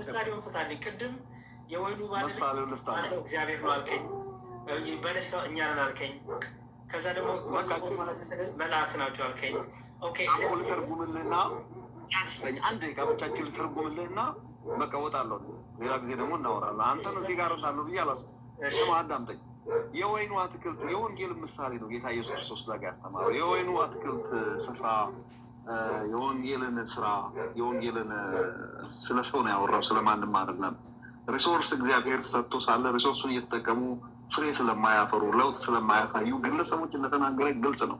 ምሳሌውን ፍታልኝ። ቅድም የወይኑ ባለቤት እግዚአብሔር ነው አልከኝ፣ በለስ እኛንን አልከኝ። ከዛ ደግሞ መላእክት ናቸው አልከኝ። ልተርጉምልህና አንድ ጋብቻችን ልተርጉምልህና በቃ ሌላ ጊዜ ደግሞ እናወራለን። አንተን እዚህ ጋር እንዳለሁ ብዬ አላስ አዳምጠኝ። የወይኑ አትክልት የወንጌል ምሳሌ ነው ጌታ ኢየሱስ ክርስቶስ ጋ ያስተማረው የወይኑ አትክልት ስፍራ የወንጌልን ስራ የወንጌልን ስለ ሰው ነው ያወራው፣ ስለማንም አይደለም። ሪሶርስ እግዚአብሔር ሰጥቶ ሳለ ሪሶርሱን እየተጠቀሙ ፍሬ ስለማያፈሩ ለውጥ ስለማያሳዩ ግለሰቦች እንደተናገረ ግልጽ ነው።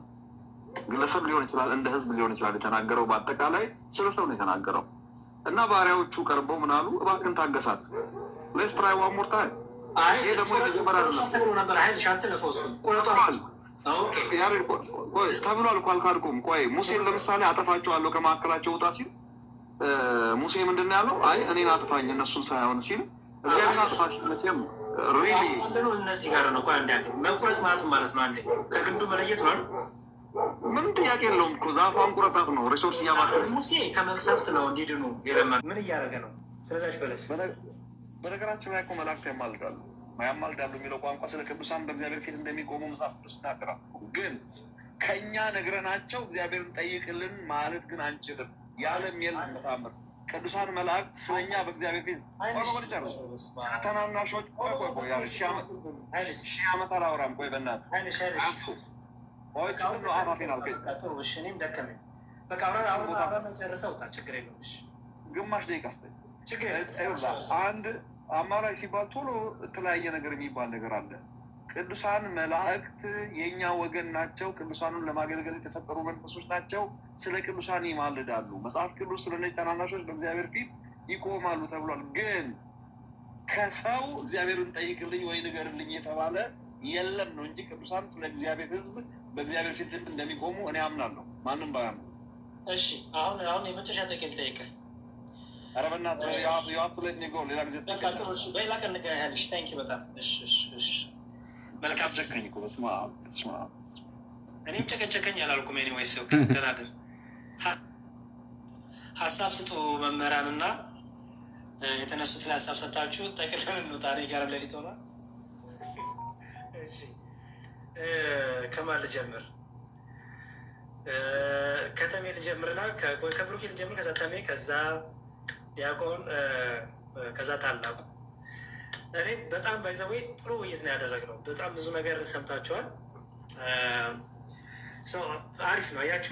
ግለሰብ ሊሆን ይችላል፣ እንደ ህዝብ ሊሆን ይችላል። የተናገረው በአጠቃላይ ስለ ሰው ነው የተናገረው እና ባሪያዎቹ ቀርበው ምናሉ እባክን ታገሳት ሌስ ትራይ ዋን ሞር ታይም። ይሄ ደግሞ የተጀመረ አይደለም። ተብሏል እኮ አልካድኩም። ቆይ ሙሴን ለምሳሌ አጠፋቸዋለሁ ከመካከላቸው ውጣ ሲል ሙሴ ምንድን ነው ያለው? አይ እኔን አጥፋኝ እነሱን ሳይሆን ሲል እግዚአብሔር አጥፋሽ መቼም እነዚህ ጋር ነው። አንዳንዴ መቁረጥ ማለት ማለት ነው አንዴ ከግንዱ መለየት ነው። ጥያቄ የለውም እኮ ዛፉ ነው። ሪሶርስ እያባከነ ሙሴ ከመቅሰፍት ነው እንዲድኑ የለመነ ምን እያደረገ ነው? ስለዛች በለስ በነገራችን ላይ እኮ መላእክት ያማልዳሉ ያማልዳሉ የሚለው ቋንቋ ስለ ቅዱሳን በእግዚአብሔር ፊት እንደሚቆሙ መጽሐፍ ቅዱስ ይናገራል። ግን ከእኛ ነግረናቸው እግዚአብሔርን ጠይቅልን ማለት ግን አንችልም። ያለም የለም መጣምር ቅዱሳን መላእክት ስለኛ በእግዚአብሔር ፊት ተናናሾች። ሺህ ዓመት አላወራም። ቆይ በእናትህ ግማሽ ደቂቃ አንድ አማላጅ ሲባል ቶሎ የተለያየ ነገር የሚባል ነገር አለ። ቅዱሳን መላእክት የእኛ ወገን ናቸው። ቅዱሳኑን ለማገልገል የተፈጠሩ መንፈሶች ናቸው። ስለ ቅዱሳን ይማልዳሉ። መጽሐፍ ቅዱስ ስለ ነጭ ታናናሾች በእግዚአብሔር ፊት ይቆማሉ ተብሏል። ግን ከሰው እግዚአብሔርን ጠይቅልኝ ወይ ንገርልኝ የተባለ የለም ነው እንጂ ቅዱሳን ስለ እግዚአብሔር ሕዝብ በእግዚአብሔር ፊት እንደሚቆሙ እኔ አምናለሁ። ማንም ባያምኑ። እሺ አሁን አሁን የመጨረሻ ጥቂት ጠይቀህ ኧረ በእናትህ የዋቱ ላይ ንገው ሌላ ጊዜ ሌላ ቀን ንገሪያለሽ። ታንኪ በጣም መልካም ጨከኝ እኮ በስመ አብ በስመ አብ። እኔም ጨቀጨቀኝ አላልኩም። ኤኒዌይ ሰው ደናደር ሀሳብ ስጡ መምህራንና የተነሱት ላይ ሀሳብ ሰጥታችሁ ጠቅለን እንውጣ። እኔ ጋር ሌሊት ሆና ከማን ልጀምር? ከተሜ ልጀምርና ከብሩኬ ልጀምር፣ ከዛ ከዛ ዲያቆን ከዛ ታላቁ እኔ በጣም ባይዘዌ ጥሩ ውይይት ነው ያደረግነው። በጣም ብዙ ነገር ሰምታችኋል። አሪፍ ነው አያችሁ።